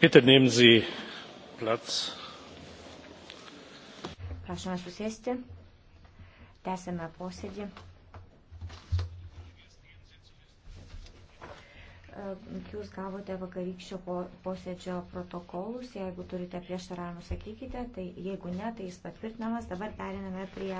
Bitte nehmen Sie Platz. Prašome susėsti. Tęsime posėdį. E, Jūs gavote vakarykščio posėdžio protokolus. Jeigu turite prieštaravimų, sakykite. Tai jeigu ne, tai jis patvirtinamas. Dabar periname prie.